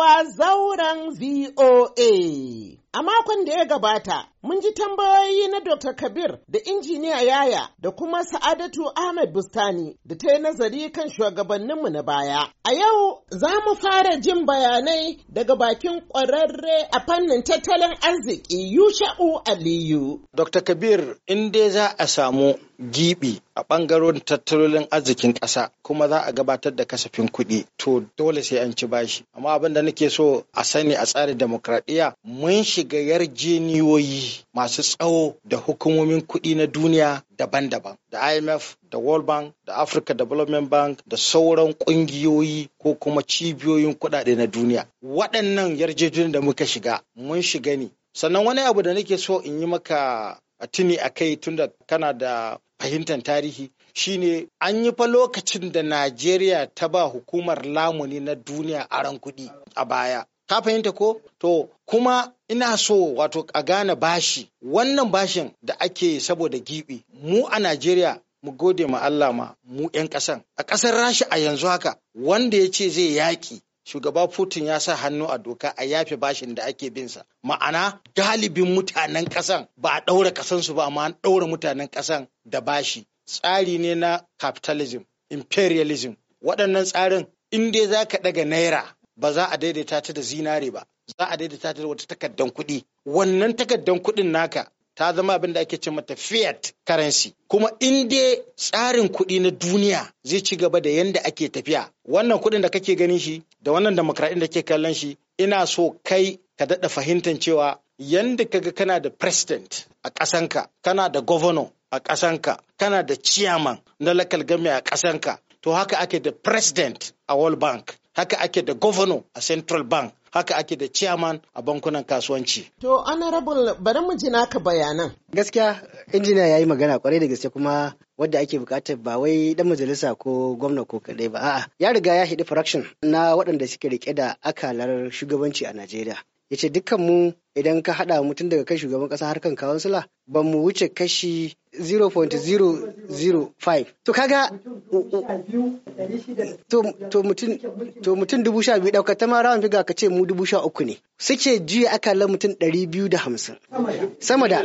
wa zauren VOA. A makon da ya gabata, mun ji tambayoyi na Dr. Kabir da injiniya Yaya da kuma Sa'adatu Ahmed Bustani da ta yi nazari kan shugabanninmu na baya. A yau za mu fara jin bayanai daga bakin ƙwararre a fannin tattalin arziki Yusha'u Aliyu. Dr. Kabir, in dai za a samu gibi a ɓangaren tattalolin arzikin ƙasa kuma za a gabatar da kasafin kuɗi to dole sai an ci bashi amma abin da nake so a sani a tsarin demokradiyya mun shiga yarjeniyoyi masu tsawo da hukumomin kuɗi na duniya daban-daban da imf da world bank da africa development bank da sauran ƙungiyoyi ko kuma cibiyoyin kuɗaɗe na duniya waɗannan yarjejeniyoyin da muka shiga mun shiga ne sannan wani abu da nake so in yi maka a tuni a kai tunda kana da fahimtar tarihi shine an yi fa lokacin da Najeriya ta ba hukumar lamuni na duniya aron kuɗi a baya. Ka fahimta ko? To, kuma ina so wato a gane bashi, wannan bashin da ake saboda giɓi, mu a Najeriya mu gode ma Allah ma mu 'yan ƙasan. A ƙasar Rashi a yanzu haka, wanda ya ce zai yaƙi shugaba Putin ya sa hannu a doka a yafe bashin da ake bin sa. Ma'ana galibin mutanen kasan ba a ɗaura ƙasansu ba amma an ɗaura mutanen ƙasan da bashi. Tsari ne na capitalism, imperialism. Waɗannan tsarin in za ka ɗaga naira ba za a daidaita ta da zinare ba. Za a daidaita ta da wata takardar kuɗi. Wannan takardar kuɗin naka ta zama abin da ake ce mata fiat currency kuma in dai tsarin kuɗi na duniya zai ci gaba da yanda ake tafiya wannan kuɗin da kake ganin shi da wannan demokradin da ke kallon shi ina so kai ka daɗa fahimtar cewa yanda kaga kana da president a ƙasanka kana da governor a ƙasanka kana da chairman na local government a ƙasanka to haka ake da president a world bank haka ake da governor a central bank haka ake da chairman a bankunan kasuwanci. To honorable bari mu ji naka bayanan. Gaskiya injiniya ya yi magana kwarai da gaske kuma wadda ake bukatar ba wai dan majalisa ko gwamna ko kadai ba a'a ya riga ya hidi fraction na waɗanda suke rike da akalar shugabanci a Najeriya. Ya ce dukkan mu idan ka haɗa mutum daga kan shugaban ƙasa har kan kawansula ba mu wuce kashi 0.005 to kaga to mutum dubu sha biyu ɗaukar ta ma rawan figa ka ce mu dubu sha uku ne suke juya akalar mutum ɗari biyu da hamsin sama da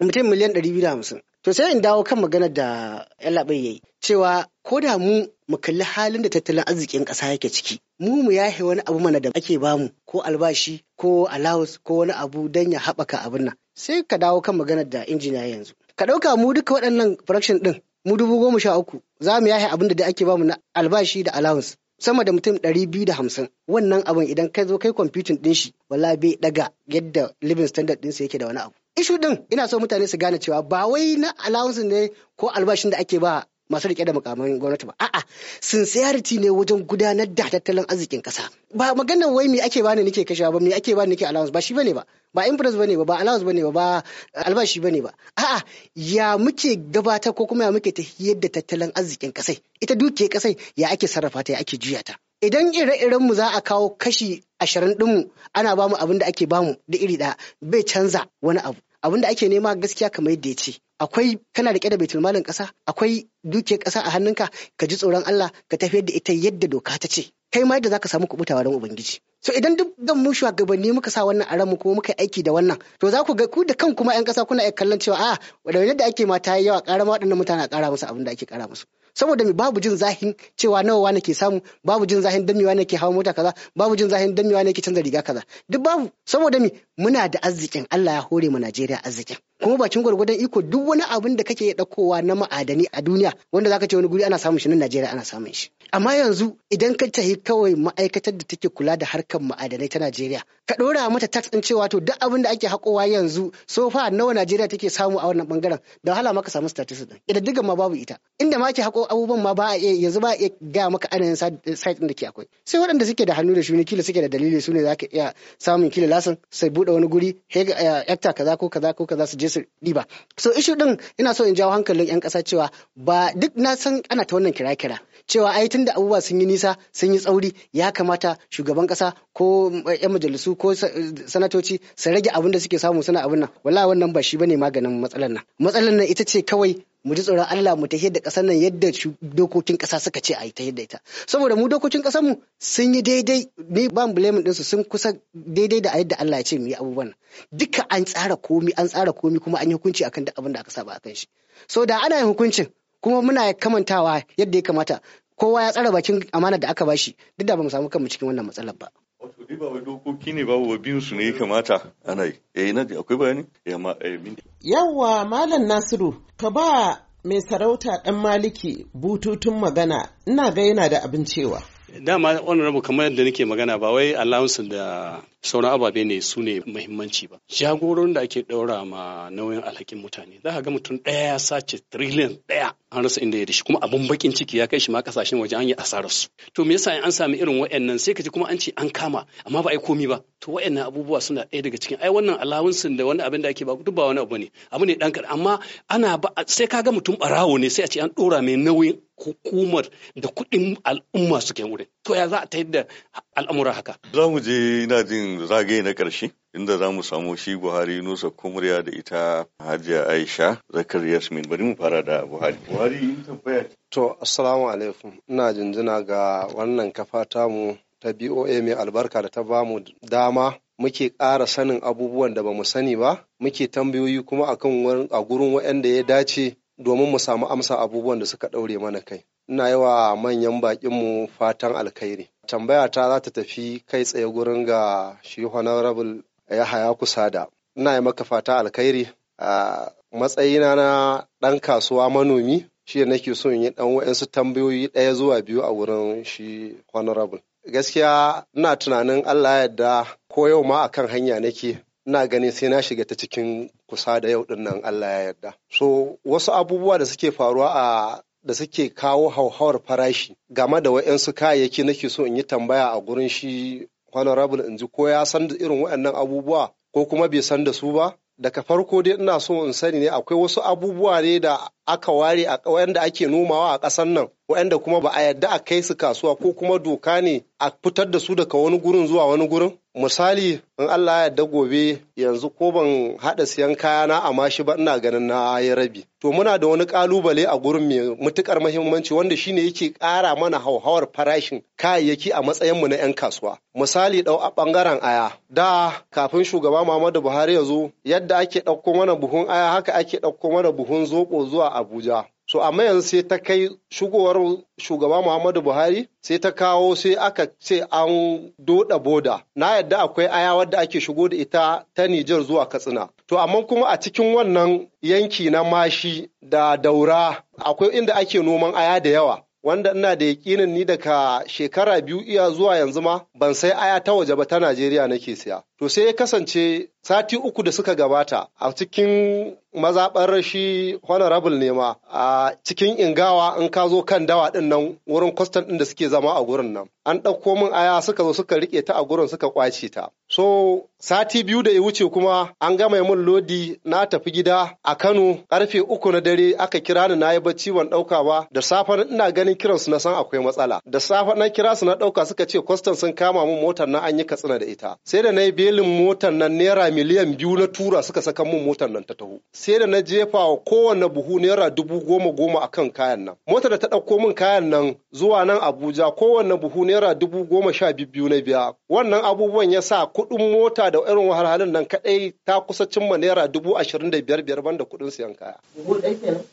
mutum miliyan ɗari biyu da hamsin to sai in dawo kan maganar da yallaɓai ya yi cewa ko da mu mu kalli halin da tattalin arzikin ƙasa yake ciki mu mu ya yahe wani abu mana da ake bamu ko albashi ko allowance ko wani abu don ya haɓaka abin nan sai ka dawo kan maganar da injiniya yanzu ka ɗauka mu duka waɗannan production ɗin mu dubu goma sha uku za mu yahe abin da ake bamu na albashi da allowance sama da mutum ɗari biyu da hamsin wannan abin idan ka zo kai kwamfutin ɗin shi wala bai ɗaga yadda living standard ɗinsa yake da wani abu. Ishu ɗin ina so mutane su gane cewa ba wai na allowance ne ko albashin da ake ba masu rike da mukamin gwamnati ba a'a sincerity ne wajen gudanar da tattalin arzikin kasa ba maganar wai me ake bani nake kashewa ba me ake bani nake allowance ba shi bane ba ba impress bane ba ba allowance bane ba ba albashi bane ba a'a ya muke gabatar ko kuma ya muke ta da tattalin arzikin kasai ita duke kasai ya ake sarrafa ta ya ake juya ta idan ire-iren mu za a kawo kashi ashirin dinmu ana bamu abin da ake bamu da iri ɗaya bai canza wani abu abin da ake nema gaskiya kamar yadda ya ce akwai kana rike da baitul malin ƙasa akwai dukiyar ƙasa a hannunka ka ji tsoron Allah ka tafiyar da ita yadda doka ta ce kai ma yadda zaka samu kubutawa don ubangiji To idan duk dan mu shugabanni muka sa wannan a mu kuma muka aiki da wannan to za ku ga ku da kan kuma yan kasa kuna iya kallon cewa a ah, wadanda da ake mata yawa ƙara ma waɗannan mutane a ƙara musu abin da ake ƙara musu saboda me babu jin zahin cewa nawa wane ke samu babu jin zahin dan wane ke hawa mota kaza babu jin zahin dan wane ke canza riga kaza duk babu saboda me muna da arzikin Allah ya hore mu Najeriya arzikin kuma bakin gwargwadon iko duk wani abin da kake ɗaukowa na ma'adani a duniya wanda zaka ce wani guri ana samun shi nan Najeriya ana samun shi amma yanzu idan ka tahi kawai ma'aikatar da take kula da harkar harkar ma'adanai ta Najeriya. Ka ɗora mata tax ɗin cewa to duk abin da ake haƙowa yanzu so fa nawa Najeriya take samu a wannan bangaren da wahala maka samu statistics ɗin. Idan ma babu ita. Inda ma ake haƙo abubuwan ma ba a iya yanzu ba a iya gaya maka adadin site ɗin da ke akwai. Sai waɗanda suke da hannu da shuni kila suke da dalili su ne za ka iya samun kila lasin sai buɗe wani guri hekta eh, kaza ko kaza ko kaza su je su ɗiba. So ishu ɗin ina so in jawo hankalin 'yan ƙasa cewa ba duk na san ana ta wannan kira-kira. cewa ai da abubuwa sun yi nisa sun yi tsauri ya kamata shugaban kasa ko yan majalisu ko sanatoci su rage abin da suke samu suna abin nan wallahi wannan ba shi bane maganin matsalar nan matsalar nan ita ce kawai mu ji tsoron Allah mu tafi da ƙasar nan yadda dokokin ƙasa suka ce a yi ta yadda ita saboda mu dokokin kasar mu sun yi daidai ni ba din su sun kusa daidai da a yadda Allah ya ce mu yi abubuwan duka an tsara komi an tsara komi kuma an yi hukunci akan duk abin da aka saba akan shi so da ana yin hukuncin kuma muna kamantawa yadda ya kamata kowa ya tsara bakin amana da aka bashi duk da ba mu samu kanmu cikin wannan matsalar ba Wato ba wai dokoki ne ba wa su ne ya kamata ana eh, eh, eh, Yawwa Malam Nasiru ka ba mai sarauta ɗan maliki bututun magana ina ga yana da abin cewa. dama rabu kamar yadda nake magana ba wai allowance da sauran ababe ne su ne muhimmanci ba jagoron da ake daura ma nauyin alhakin mutane za ka ga mutum ɗaya ya sace trillion daya an rasa inda ya dashi kuma abun bakin ciki ya kai shi ma kasashen waje an yi asarar su to me yasa an sami irin waɗannan sai ka ji kuma an ce an kama amma ba ai komi ba to waɗannan abubuwa suna ɗaya daga cikin ai wannan allowance da wani abin da ake ba duk ba wani abu ne abu ne dan kaɗan amma ana ba sai ka ga mutum barawo ne sai a ce an dora mai nauyin hukumar da kuɗin al'umma suke wuri, to ya za a ta yadda al'amura haka za mu je ina jin zagaye na ƙarshe inda za mu samu shi buhari nusa kumriya da ita hajiya aisha zakar yasmin bari mu fara da buhari buhari in tambaya to assalamu alaikum ina jinjina ga wannan kafa mu ta boa mai albarka da ta bamu dama muke ƙara sanin abubuwan da ba mu sani ba muke tambayoyi kuma akan a gurin waɗanda ya dace domin mu samu amsa abubuwan da suka ɗaure mana kai. Ina yawa manyan baƙinmu fatan alkhairi. Tambaya ta za ta tafi kai tsaye gurin ga shi honorable kusa da Ina yi maka fata alkhairi a matsayina na ɗan kasuwa manomi shi da nake so in yi ɗan wa'yansu tambayoyi ɗaya zuwa biyu a wurin shi honorable. Gaskiya ina tunanin Allah ya yadda ko yau ma akan hanya nake ina ganin sai na shiga ta cikin kusa da yau din nan Allah ya yarda. So wasu abubuwa da suke faruwa a da suke kawo hauhawar farashi game da wa'yansu kayayyaki nake so in yi tambaya a gurin shi honorable in ji ko ya san da irin waɗannan abubuwa ko kuma bai san da su ba daga farko dai ina so in sani ne akwai wasu abubuwa ne da aka ware a da ake nomawa a ƙasar nan waɗanda kuma ba a yarda a kai su kasuwa ko kuma doka ne a fitar da su daga wani gurin zuwa wani gurin misali in Allah ya gobe yanzu ko ban haɗa siyan kayana amma shi ba ina ganin na ya rabi to muna da wani ƙalubale a gurin mai mutukar muhimmanci wanda shine yake ƙara mana hauhawar farashin kayayyaki a matsayin mu na 'yan kasuwa misali ɗau a ɓangaren aya da kafin shugaba Muhammadu Buhari ya zo yadda ake ɗauko mana buhun aya haka ake ɗauko mana buhun zoɓo zuwa Abuja So amma yanzu sai ta kai shigowar shugaba Muhammadu Buhari sai ta kawo sai aka ce an doda boda. Na yadda akwai aya wadda ake shigo da ita ta Nijar zuwa Katsina. To amma kuma a cikin wannan yanki na mashi da daura akwai inda ake noman aya da yawa. wanda ina da yakinin ni daga shekara biyu iya zuwa yanzu ma ban sai aya ta waje ba ta Najeriya nake siya. To sai ya kasance sati uku da suka gabata a cikin mazaɓar shi honorable ne ma a cikin ingawa in ka zo kan dawa ɗin nan wurin kwastan ɗin da suke zama a gurin nan an ɗauko min aya suka zo suka riƙe ta a gurin suka ƙwace ta so sati biyu da ya wuce kuma an gama min lodi na tafi gida a Kano karfe uku na dare aka kira ni na yi bacci ban ɗauka ba da safe ina ganin kiran su na san akwai matsala da safe na kira su na ɗauka suka ce kwastan sun kama min motar nan an yi katsina da ita sai da na yi belin motar nan naira miliyan biyu na tura suka saka min motar nan ta taho sai da na jefa wa kowane buhu naira dubu goma goma a kan kayan nan. Motar da ta ɗauko min kayan nan zuwa nan Abuja kowane buhu naira dubu goma sha biyu na biya. Wannan abubuwan ya sa kuɗin mota da irin wahalhalun nan kaɗai ta kusa cimma naira dubu ashirin da biyar biyar banda kuɗin siyan kaya.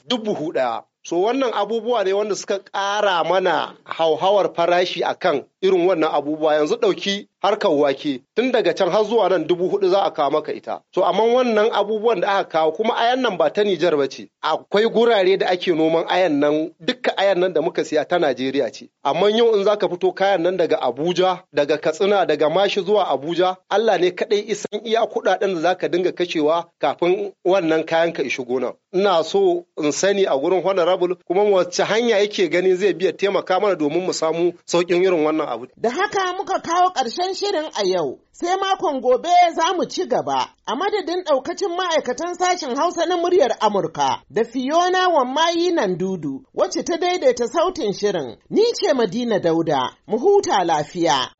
Dubu Duk ɗaya. So wannan abubuwa ne wanda suka ƙara mana hauhawar farashi a kan irin wannan abubuwa yanzu ɗauki harkar wake tun daga can har zuwa nan dubu hudu za a kawo maka ita. So amma wannan abubuwan da aka kawo kuma ayan nan ba ta Nijar ba ce. Akwai gurare da ake noman ayan nan duka ayan nan da muka siya ta Najeriya ce. Amma yau in za ka fito kayan nan daga Abuja, daga Katsina, daga Mashi zuwa Abuja, Allah ne kaɗai isan iya kuɗaɗen da za ka dinga kashewa kafin wannan kayan ka ishi gonan. ina so in sani a gurin honorable kuma wacce hanya yake gani zai biya taimaka mana domin mu samu sauƙin irin wannan abu. Da haka muka kawo ƙarshen shirin a yau. Sai makon gobe za mu ci gaba a madadin ɗaukacin ma'aikatan sashen Hausa na muryar Amurka da Fiona Mayi nan dudu wacce ta daidaita sautin shirin. Ni ce Madina Dauda, mu huta lafiya.